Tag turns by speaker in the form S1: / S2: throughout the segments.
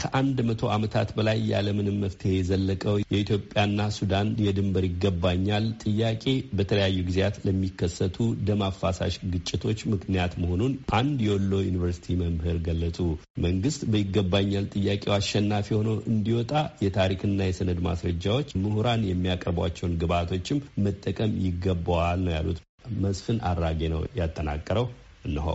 S1: ከአንድ መቶ ዓመታት በላይ ያለምንም መፍትሄ የዘለቀው የኢትዮጵያና ሱዳን የድንበር ይገባኛል ጥያቄ በተለያዩ ጊዜያት ለሚከሰቱ ደም አፋሳሽ ግጭቶች ምክንያት መሆኑን አንድ የወሎ ዩኒቨርሲቲ መምህር ገለጹ። መንግስት በይገባኛል ጥያቄው አሸናፊ ሆኖ እንዲወጣ የታሪክና የሰነድ ማስረጃዎች ምሁራን የሚያቀርቧቸውን ግብዓቶችም መጠቀም ይገባዋል ነው ያሉት። መስፍን አራጌ ነው ያጠናቀረው። እንሆ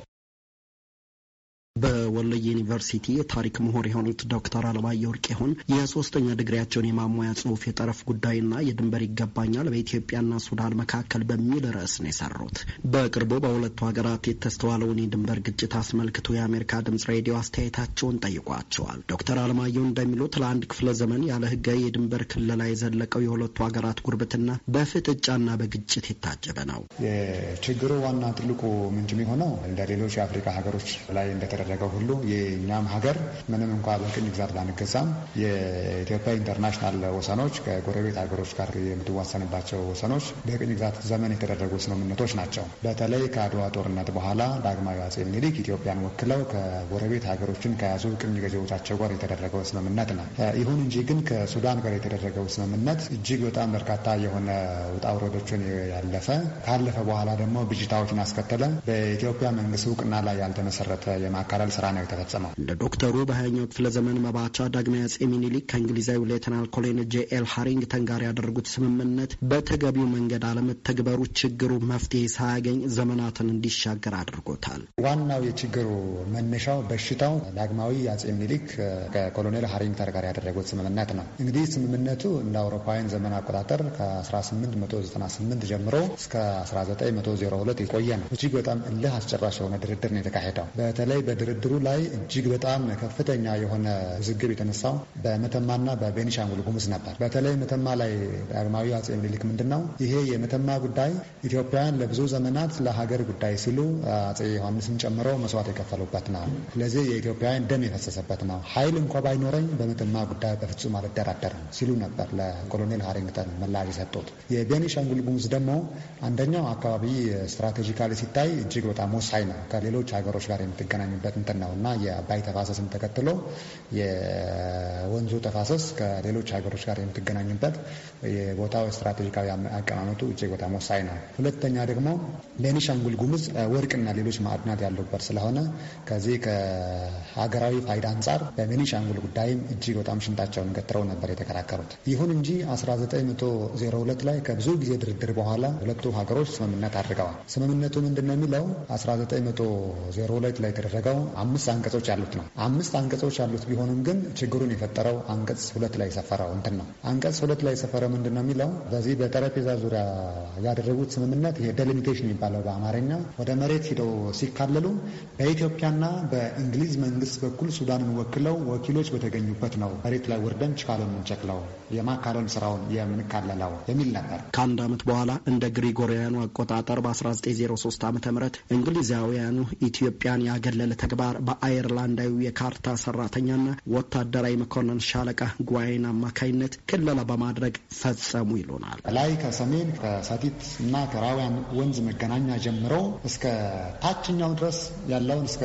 S1: በወሎ ዩኒቨርሲቲ የታሪክ ምሁር የሆኑት ዶክተር አለማየሁ ወርቅየሁን የሶስተኛ ዲግሪያቸውን የማሟያ ጽሁፍ የጠረፍ ጉዳይና የድንበር ይገባኛል በኢትዮጵያና ሱዳን መካከል በሚል ርዕስ ነው የሰሩት። በቅርቡ በሁለቱ ሀገራት የተስተዋለውን የድንበር ግጭት አስመልክቶ የአሜሪካ ድምጽ ሬዲዮ አስተያየታቸውን ጠይቋቸዋል። ዶክተር አለማየሁ እንደሚሉት ለአንድ ክፍለ ዘመን ያለ ህጋዊ የድንበር ክልላ የዘለቀው የሁለቱ ሀገራት ጉርብትና በፍጥጫና በግጭት የታጀበ ነው። የችግሩ ዋና
S2: ትልቁ ምንጭ የሚሆነው እንደ ሌሎች የአፍሪካ ሀገሮች ላይ እንዳደረገው ሁሉ የእኛም ሀገር ምንም እንኳ በቅኝ ግዛት ባንገዛም የኢትዮጵያ ኢንተርናሽናል ወሰኖች ከጎረቤት ሀገሮች ጋር የምትዋሰንባቸው ወሰኖች በቅኝ ግዛት ዘመን የተደረጉ ስምምነቶች ናቸው። በተለይ ከአድዋ ጦርነት በኋላ ዳግማዊ አጼ ምኒልክ ኢትዮጵያን ወክለው ከጎረቤት ሀገሮችን ከያዙ ቅኝ ገዢዎቻቸው ጋር የተደረገው ስምምነት ነው። ይሁን እንጂ ግን ከሱዳን ጋር የተደረገው ስምምነት እጅግ በጣም በርካታ የሆነ ውጣ ውረዶችን ያለፈ ካለፈ በኋላ ደግሞ ብጅታዎችን አስከተለ። በኢትዮጵያ መንግስት እውቅና ላይ ያልተመሰረተ የማ የማካለል ስራ ነው የተፈጸመው። እንደ
S1: ዶክተሩ በሀያኛው ክፍለ ዘመን መባቻ ዳግማዊ አጼ ሚኒሊክ ከእንግሊዛዊ ሌተናል ኮሎኔል ጄኤል ሃሪንግተን ጋር ያደረጉት ስምምነት በተገቢው መንገድ አለመተግበሩ ችግሩ መፍትሄ ሳያገኝ ዘመናትን እንዲሻገር አድርጎታል። ዋናው የችግሩ መነሻው በሽታው ዳግማዊ አጼ
S2: ሚኒሊክ ከኮሎኔል ሃሪንግተን ጋር ያደረጉት ስምምነት ነው። እንግዲህ ስምምነቱ እንደ አውሮፓውያን ዘመን አቆጣጠር ከ1898 ጀምሮ እስከ 1902 የቆየ ነው። እጅግ በጣም እልህ አስጨራሽ የሆነ ድርድር ነው የተካሄደው። በተለይ በድርድሩ ላይ እጅግ በጣም ከፍተኛ የሆነ ውዝግብ የተነሳው በመተማና በቤኒሻንጉል ጉሙዝ ነበር። በተለይ መተማ ላይ ዳግማዊ አጼ ምኒልክ ምንድን ነው ይሄ የመተማ ጉዳይ ኢትዮጵያን ለብዙ ዘመናት ለሀገር ጉዳይ ሲሉ አጼ ዮሐንስን ጨምሮ መስዋዕት የከፈሉበት ነው። ስለዚህ የኢትዮጵያውያን ደም የፈሰሰበት ነው። ኃይል እንኳ ባይኖረኝ በመተማ ጉዳይ በፍጹም አልደራደርም ሲሉ ነበር ለኮሎኔል ሃሪንግተን ምላሽ የሰጡት። የቤኒሻንጉል ጉሙዝ ደግሞ አንደኛው አካባቢ ስትራቴጂካሊ ሲታይ እጅግ በጣም ወሳኝ ነው። ከሌሎች ሀገሮች ጋር የምትገናኙበት ያለበት እንትን ነው እና የአባይ ተፋሰስን ተከትሎ የወንዙ ተፋሰስ ከሌሎች ሀገሮች ጋር የምትገናኝበት የቦታው ስትራቴጂካዊ አቀማመጡ እጅግ በጣም ወሳኝ ነው። ሁለተኛ ደግሞ ቤኒሻንጉል ጉምዝ ወርቅና ሌሎች ማዕድናት ያሉበት ስለሆነ ከዚህ ከሀገራዊ ፋይዳ አንጻር በቤኒሻንጉል ጉዳይም እጅግ በጣም ሽንጣቸውን ገትረው ነበር የተከራከሩት። ይሁን እንጂ 1902 ላይ ከብዙ ጊዜ ድርድር በኋላ ሁለቱ ሀገሮች ስምምነት አድርገዋል። ስምምነቱ ምንድን ነው የሚለው 1902 ላይ የተደረገው አምስት አንቀጾች ያሉት ነው። አምስት አንቀጾች ያሉት ቢሆንም ግን ችግሩን የፈጠረው አንቀጽ ሁለት ላይ የሰፈረው እንትን ነው። አንቀጽ ሁለት ላይ የሰፈረ ምንድን ነው የሚለው በዚህ በጠረጴዛ ዙሪያ ያደረጉት ስምምነት ይሄ ደሊሚቴሽን የሚባለው በአማርኛ ወደ መሬት ሂደው ሲካለሉ በኢትዮጵያና በእንግሊዝ መንግስት በኩል ሱዳንን ወክለው ወኪሎች በተገኙበት ነው መሬት ላይ ወርደን ችካሎን የምንቸክለው የማካለል ስራውን
S1: የምንካለለው የሚል ነበር። ከአንድ አመት በኋላ እንደ ግሪጎሪያኑ አቆጣጠር በ1903 ዓ ም እንግሊዛውያኑ ኢትዮጵያን ያገለለ ተግባር በአየርላንዳዊ የካርታ ሰራተኛና ወታደራዊ መኮንን ሻለቃ ጓይን አማካኝነት ክለላ በማድረግ ፈጸሙ ይሉናል። ላይ ከሰሜን ከሰቲት እና ከራውያን ወንዝ መገናኛ ጀምሮ
S2: እስከ ታችኛው ድረስ ያለውን እስከ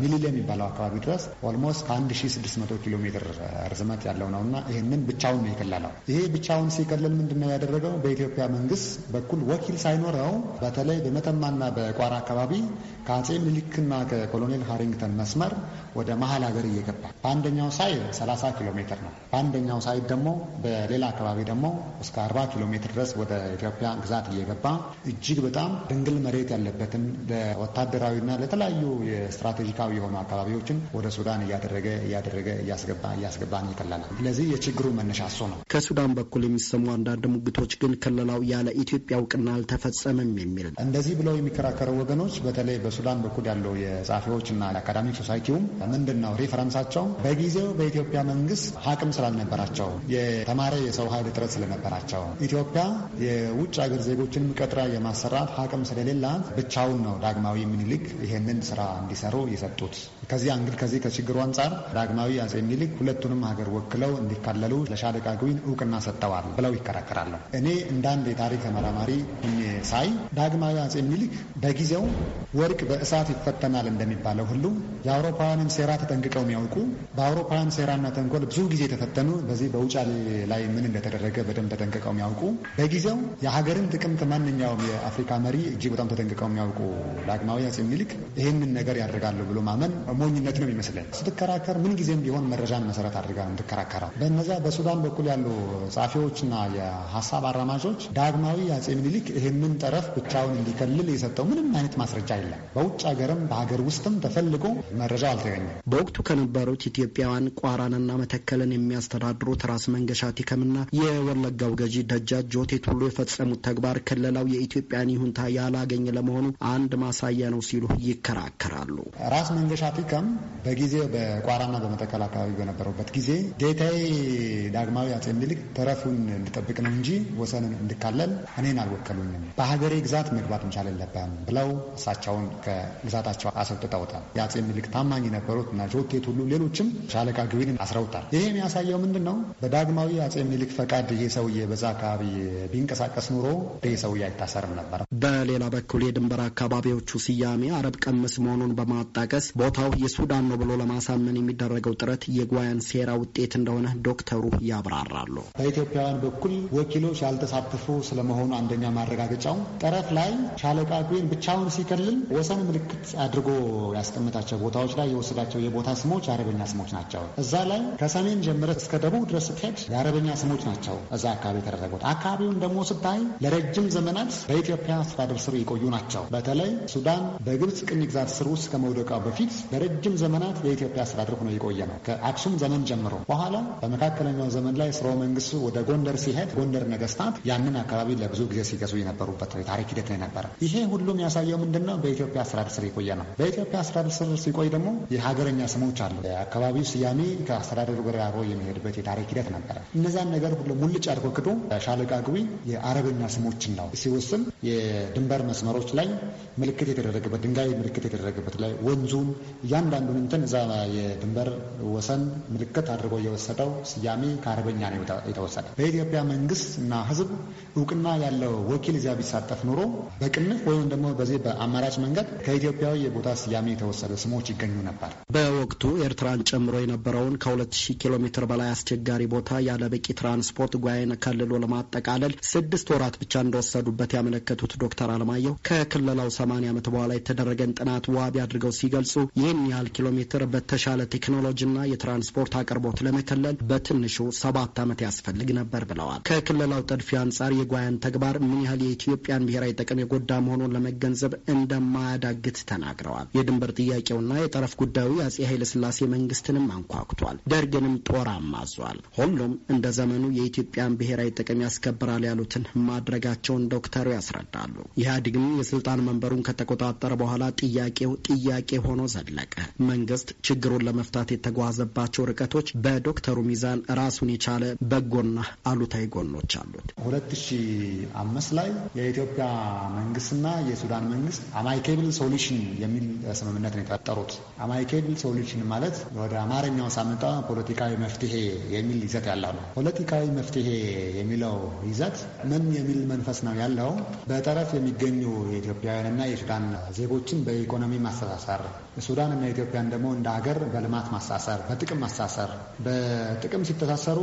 S2: ሚሊሌ የሚባለው አካባቢ ድረስ ኦልሞስት ከ1600 ኪሎ ሜትር ርዝመት ያለው ነውና ይህንን ብቻውን ነው የከለለው። ይሄ ብቻውን ሲከልል ምንድነው ያደረገው? በኢትዮጵያ መንግስት በኩል ወኪል ሳይኖረው በተለይ በመተማና በቋራ አካባቢ ከአጼ ምኒልክና ከኮሎኔል ሀሪ ዋሽንግተን መስመር ወደ መሀል ሀገር እየገባ በአንደኛው ሳይድ 30 ኪሎ ሜትር ነው። በአንደኛው ሳይድ ደግሞ በሌላ አካባቢ ደግሞ እስከ 40 ኪሎ ሜትር ድረስ ወደ ኢትዮጵያ ግዛት እየገባ እጅግ በጣም ድንግል መሬት ያለበትን ለወታደራዊና ለተለያዩ የስትራቴጂካዊ የሆኑ አካባቢዎችን ወደ ሱዳን እያደረገ እያደረገ እያስገባ እያስገባ ነው
S1: ስለዚህ የችግሩ መነሻ እሱ ነው። ከሱዳን በኩል የሚሰሙ አንዳንድ ሙግቶች ግን ክልላው ያለ ኢትዮጵያ እውቅና አልተፈጸመም የሚል እንደዚህ ብለው የሚከራከሩ
S2: ወገኖች በተለይ በሱዳን በኩል ያለው የጸሐፊዎችና የአካዳሚክ ሶሳይቲውም ምንድን ነው ሪፈረንሳቸው በጊዜው በኢትዮጵያ መንግስት አቅም ስላልነበራቸው የተማረ የሰው ኃይል እጥረት ስለነበራቸው ኢትዮጵያ የውጭ ሀገር ዜጎችንም ቀጥራ የማሰራት አቅም ስለሌላት ብቻውን ነው ዳግማዊ ምኒልክ ይህንን ስራ እንዲሰሩ የሰጡት። ከዚህ እንግዲህ ከዚህ ከችግሩ አንጻር ዳግማዊ አጼ ሚኒልክ ሁለቱንም ሀገር ወክለው እንዲካለሉ ለሻለቃ ግዊን እውቅና ሰጥተዋል ብለው ይከራከራሉ። እኔ እንደ አንድ የታሪክ ተመራማሪ ሳይ ዳግማዊ አጼ ሚኒሊክ በጊዜው ወርቅ በእሳት ይፈተናል እንደሚባለው ሁሉ የአውሮፓውያንን ሴራ ተጠንቅቀው የሚያውቁ በአውሮፓውያን ሴራና ተንኮል ብዙ ጊዜ የተፈተኑ በዚህ በውጫሌ ላይ ምን እንደተደረገ በደንብ ተጠንቅቀው የሚያውቁ በጊዜው የሀገርን ጥቅም ከማንኛውም የአፍሪካ መሪ እጅግ በጣም ተጠንቅቀው የሚያውቁ ዳግማዊ አጼ ሚኒሊክ ይህንን ነገር ያደርጋሉ ብሎ ማመን ሞኝነት ነው የሚመስለኝ። ስትከራከር ምን ጊዜም ቢሆን መረጃን መሰረት አድርጋ የምትከራከረው በነዚያ በሱዳን በኩል ያሉ ጸሐፊዎችና የሀሳብ አራማጆች ዳግማዊ አጼ ምኒልክ ይህንን ጠረፍ ብቻውን እንዲከልል የሰጠው ምንም አይነት ማስረጃ
S1: የለም። በውጭ ሀገርም በሀገር ውስጥም ተፈልጎ መረጃው አልተገኘም። በወቅቱ ከነበሩት ኢትዮጵያውያን ቋራንና መተከልን የሚያስተዳድሩት ራስ መንገሻ ቲከምና የወለጋው ገዢ ደጃጅ ጆቴ ቱሉ የፈጸሙት ተግባር ክልላው የኢትዮጵያን ይሁንታ ያላገኘ ለመሆኑ አንድ ማሳያ ነው ሲሉ ይከራከራሉ። ራስ መንገሻ ስታከም በጊዜው በቋራና በመተከል
S2: አካባቢ በነበረበት ጊዜ ጌታዬ ዳግማዊ አፄ ምኒልክ ተረፉን እንድጠብቅ ነው እንጂ ወሰንን እንድካለል እኔን አልወከሉኝም፣ በሀገሬ ግዛት መግባት መቻል የለብህም ብለው እሳቸውን ከግዛታቸው አስወጥተውታል። የአፄ ምኒልክ ታማኝ የነበሩት እና ጆቴት ሁሉ ሌሎችም ሻለቃ ግቢን አስረውታል። ይሄ የሚያሳየው ምንድን ነው? በዳግማዊ አፄ ምኒልክ ፈቃድ ይሄ ሰውዬ በዛ አካባቢ ቢንቀሳቀስ ኑሮ ይሄ ሰውዬ አይታሰርም ነበር።
S1: በሌላ በኩል የድንበር አካባቢዎቹ ስያሜ አረብ ቀምስ መሆኑን በማጣቀስ ቦታው ሴራው የሱዳን ነው ብሎ ለማሳመን የሚደረገው ጥረት የጓያን ሴራ ውጤት እንደሆነ ዶክተሩ ያብራራሉ።
S2: በኢትዮጵያውያን በኩል ወኪሎች ያልተሳተፉ ስለመሆኑ አንደኛ ማረጋገጫው ጠረፍ ላይ ሻለቃ ጉን ብቻውን ሲከልል ወሰን ምልክት አድርጎ ያስቀምጣቸው ቦታዎች ላይ የወሰዳቸው የቦታ ስሞች የአረበኛ ስሞች ናቸው። እዛ ላይ ከሰሜን ጀምረ እስከ ደቡብ ድረስ ስትሄድ የአረበኛ ስሞች ናቸው እዛ አካባቢ የተደረጉት። አካባቢውን ደግሞ ስታይ ለረጅም ዘመናት በኢትዮጵያ አስተዳደር ስር የቆዩ ናቸው። በተለይ ሱዳን በግብፅ ቅኝ ግዛት ስር ውስጥ ከመውደቃው በፊት ለረጅም ዘመናት የኢትዮጵያ አስተዳደር ነው የቆየ ነው። ከአክሱም ዘመን ጀምሮ በኋላ በመካከለኛው ዘመን ላይ ስርወ መንግስቱ ወደ ጎንደር ሲሄድ ጎንደር ነገስታት ያንን አካባቢ ለብዙ ጊዜ ሲገዙ የነበሩበት የታሪክ ሂደት ነው የነበረ። ይሄ ሁሉም ያሳየው ምንድን ነው? በኢትዮጵያ አስተዳደር ስር የቆየ ነው። በኢትዮጵያ አስተዳደር ስር ሲቆይ ደግሞ የሀገረኛ ስሞች አሉ። የአካባቢው ስያሜ ከአስተዳደሩ ጋር አብሮ የሚሄድበት የታሪክ ሂደት ነበረ። እነዛን ነገር ሁሉ ሙልጭ አድርጎ ክዶ ሻለቃ ግቢ የአረበኛ ስሞችን ነው ሲወስን የድንበር መስመሮች ላይ ምልክት የተደረገበት ድንጋይ ምልክት የተደረገበት ላይ ወንዙን እያንዳንዱን እንትን እዛ የድንበር ወሰን ምልክት አድርጎ የወሰደው ስያሜ ከአርበኛ ነው የተወሰደ። በኢትዮጵያ መንግስት እና ህዝብ እውቅና ያለው ወኪል እዚያ ቢሳተፍ ኑሮ በቅንፍ ወይም ደግሞ በዚህ በአማራጭ መንገድ ከኢትዮጵያዊ የቦታ ስያሜ የተወሰደ ስሞች ይገኙ ነበር።
S1: በወቅቱ ኤርትራን ጨምሮ የነበረውን ከ2000 ኪሎ ሜትር በላይ አስቸጋሪ ቦታ ያለ በቂ ትራንስፖርት ጓይን ከልሎ ለማጠቃለል ስድስት ወራት ብቻ እንደወሰዱበት ያመለከቱት ዶክተር አለማየሁ ከክልላው 80 ዓመት በኋላ የተደረገን ጥናት ዋቢ አድርገው ሲገልጹ ይህን ይህን ያህል ኪሎ ሜትር በተሻለ ቴክኖሎጂና የትራንስፖርት አቅርቦት ለመከለል በትንሹ ሰባት ዓመት ያስፈልግ ነበር ብለዋል። ከክልላው ጠድፊ አንጻር የጓያን ተግባር ምን ያህል የኢትዮጵያን ብሔራዊ ጥቅም የጎዳ መሆኑን ለመገንዘብ እንደማያዳግት ተናግረዋል። የድንበር ጥያቄውና የጠረፍ ጉዳዩ የአጼ ኃይለስላሴ መንግስትንም አንኳኩቷል። ደርግንም ጦር አማዟል። ሁሉም እንደ ዘመኑ የኢትዮጵያን ብሔራዊ ጥቅም ያስከብራል ያሉትን ማድረጋቸውን ዶክተሩ ያስረዳሉ። ኢህአዴግም የስልጣን መንበሩን ከተቆጣጠረ በኋላ ጥያቄው ጥያቄ ሆኖ ዘለቀ። ተጠየቀ። መንግስት ችግሩን ለመፍታት የተጓዘባቸው ርቀቶች በዶክተሩ ሚዛን ራሱን የቻለ በጎና አሉታዊ ጎኖች አሉት። ሁለት ሺ አምስት ላይ የኢትዮጵያ መንግስትና የሱዳን መንግስት አማይኬብል
S2: ሶሉሽን የሚል ስምምነት ነው የፈጠሩት። አማይኬብል ሶሉሽን ማለት ወደ አማርኛው ሳመጣ ፖለቲካዊ መፍትሄ የሚል ይዘት ያለው ነው። ፖለቲካዊ መፍትሄ የሚለው ይዘት ምን የሚል መንፈስ ነው ያለው? በጠረፍ የሚገኙ የኢትዮጵያውያንና የሱዳን ዜጎችን በኢኮኖሚ ማስተሳሰር ሱዳን እና ኢትዮጵያን ደግሞ እንደ ሀገር በልማት ማሳሰር፣ በጥቅም ማሳሰር። በጥቅም ሲተሳሰሩ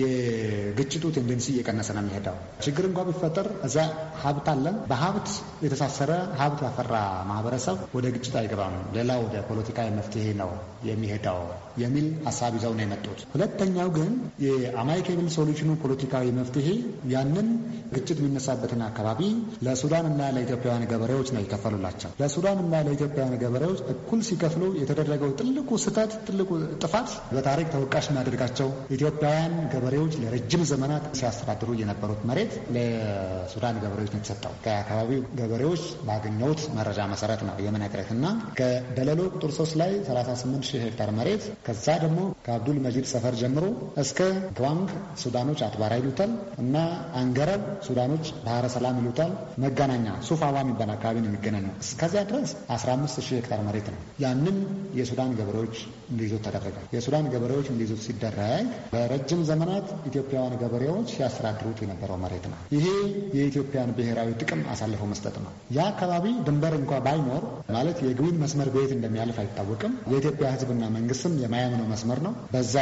S2: የግጭቱ ቴንደንሲ እየቀነሰ ነው የሚሄደው። ችግር እንኳ ቢፈጠር እዛ ሀብት አለን። በሀብት የተሳሰረ ሀብት ያፈራ ማህበረሰብ ወደ ግጭት አይገባም። ሌላ ወደ ፖለቲካዊ መፍትሄ ነው የሚሄደው የሚል ሀሳብ ይዘው ነው የመጡት። ሁለተኛው ግን የአማይኬብል ሶሉሽኑ ፖለቲካዊ መፍትሄ ያንን ግጭት የሚነሳበትን አካባቢ ለሱዳን እና ለኢትዮጵያውያን ገበሬዎች ነው ይከፈሉላቸው። ለሱዳን እና ለኢትዮጵያውያን ገበሬዎች እኩል ሲከፍሉ እንዲከፍሉ የተደረገው ትልቁ ስህተት ትልቁ ጥፋት በታሪክ ተወቃሽ የሚያደርጋቸው ኢትዮጵያውያን ገበሬዎች ለረጅም ዘመናት ሲያስተዳድሩ የነበሩት መሬት ለሱዳን ገበሬዎች ነው የተሰጠው። ከአካባቢው ገበሬዎች ባገኘሁት መረጃ መሰረት ነው የምነግርህ እና ከደለሎ ቁጥር ሶስት ላይ 38 ሺህ ሄክታር መሬት ከዛ ደግሞ ከአብዱል መጂድ ሰፈር ጀምሮ እስከ ግዋንግ ሱዳኖች አትባራ ይሉታል እና አንገረብ ሱዳኖች ባህረ ሰላም ይሉታል። መገናኛ ሱፋዋ የሚባል አካባቢ ነው የሚገናኘው። እስከዚያ ድረስ 15 ሺህ ሄክታር መሬት ነው ያን ያንን የሱዳን ገበሬዎች እንዲይዙት ተደረገ። የሱዳን ገበሬዎች እንዲይዙት ሲደረግ በረጅም ዘመናት ኢትዮጵያውያን ገበሬዎች ሲያስተዳድሩት የነበረው መሬት ነው። ይሄ የኢትዮጵያን ብሔራዊ ጥቅም አሳልፈው መስጠት ነው። ያ አካባቢ ድንበር እንኳ ባይኖር ማለት የግቢን መስመር በየት እንደሚያልፍ አይታወቅም። የኢትዮጵያ ሕዝብና መንግስትም የማያምነው መስመር ነው። በዛ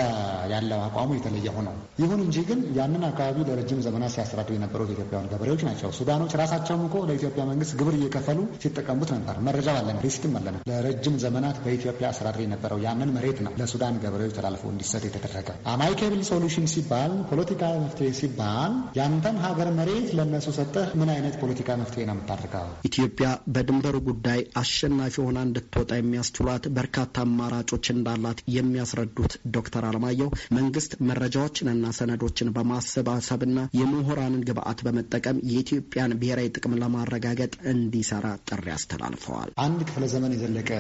S2: ያለው አቋሙ የተለየ ሆነው ይሁን እንጂ ግን ያንን አካባቢ ለረጅም ዘመናት ሲያስተዳድሩ የነበሩት የኢትዮጵያውያን ገበሬዎች ናቸው። ሱዳኖች ራሳቸውም እኮ ለኢትዮጵያ መንግስት ግብር እየከፈሉ ሲጠቀሙት ነበር። መረጃ አለን፣ ሪሲትም አለን። ለረጅም ዘመናት በኢትዮጵያ አስተዳድር የነበረው ያንን መሬት ነው ለሱዳን ገበሬዎች ተላልፎ
S1: እንዲሰጥ የተደረገ።
S2: አማይኬብል ሶሉሽን ሲባል ፖለቲካ መፍትሄ ሲባል ያንተን ሀገር መሬት ለነሱ ሰጠህ፣ ምን አይነት ፖለቲካ መፍትሄ ነው የምታደርገው?
S1: ኢትዮጵያ በድንበሩ ጉዳይ አሸናፊ ሆና እንድትወጣ የሚያስችሏት በርካታ አማራጮች እንዳላት የሚያስረዱት ዶክተር አለማየሁ መንግስት መረጃዎችንና ሰነዶችን በማሰባሰብና የምሁራንን ግብአት በመጠቀም የኢትዮጵያን ብሔራዊ ጥቅም ለማረጋገጥ እንዲሰራ ጥሪ አስተላልፈዋል።
S2: አንድ ክፍለ ዘመን የዘለቀ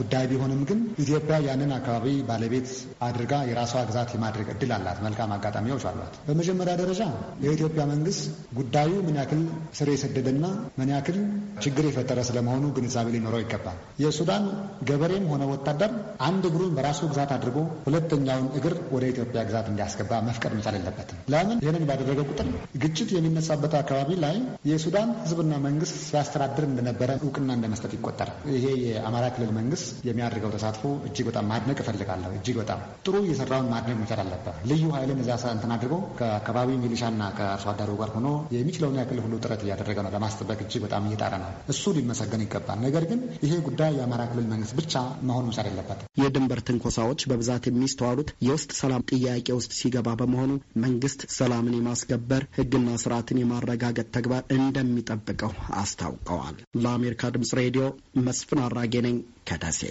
S2: ጉዳይ ቢሆንም ግን ኢትዮጵያ ያንን አካባቢ ባለቤት አድርጋ የራሷ ግዛት የማድረግ እድል አላት። መልካም አጋጣሚዎች አሏት። በመጀመሪያ ደረጃ የኢትዮጵያ መንግስት ጉዳዩ ምን ያክል ስር የሰደደና ምን ያክል ችግር የፈጠረ ስለመሆኑ ግንዛቤ ሊኖረው ይገባል። የሱዳን ገበሬም ሆነ ወታደር አንድ እግሩን በራሱ ግዛት አድርጎ ሁለተኛውን እግር ወደ ኢትዮጵያ ግዛት እንዲያስገባ መፍቀድ መቻል የለበትም። ለምን? ይህንን ባደረገ ቁጥር ግጭት የሚነሳበት አካባቢ ላይ የሱዳን ህዝብና መንግስት ሲያስተዳድር እንደነበረ እውቅና እንደመስጠት ይቆጠራል። ይሄ የአማራ ክልል መንግስት የሚያደርገው ተሳትፎ እጅግ በጣም ማድነቅ እፈልጋለሁ። እጅግ በጣም ጥሩ እየሰራውን ማድነቅ መቻል አለበት። ልዩ ኃይልን እዛ እንትን አድርጎ ከአካባቢ ሚሊሻና ከአርሶ አደሩ ጋር ሆኖ የሚችለውን ያክል ሁሉ ጥረት እያደረገ ነው ለማስጠበቅ እጅግ በጣም እየጣረ ነው። እሱ ሊመሰገን ይገባል። ነገር ግን ይሄ ጉዳይ የአማራ ክልል መንግስት ብቻ መሆን መቻል አለበት።
S1: የድንበር ትንኮሳዎች በብዛት የሚስተዋሉት የውስጥ ሰላም ጥያቄ ውስጥ ሲገባ በመሆኑ መንግስት ሰላምን የማስከበር ህግና ስርዓትን የማረጋገጥ ተግባር እንደሚጠብቀው አስታውቀዋል። ለአሜሪካ ድምጽ ሬዲዮ መስፍን አራጌ ነኝ ከደሴ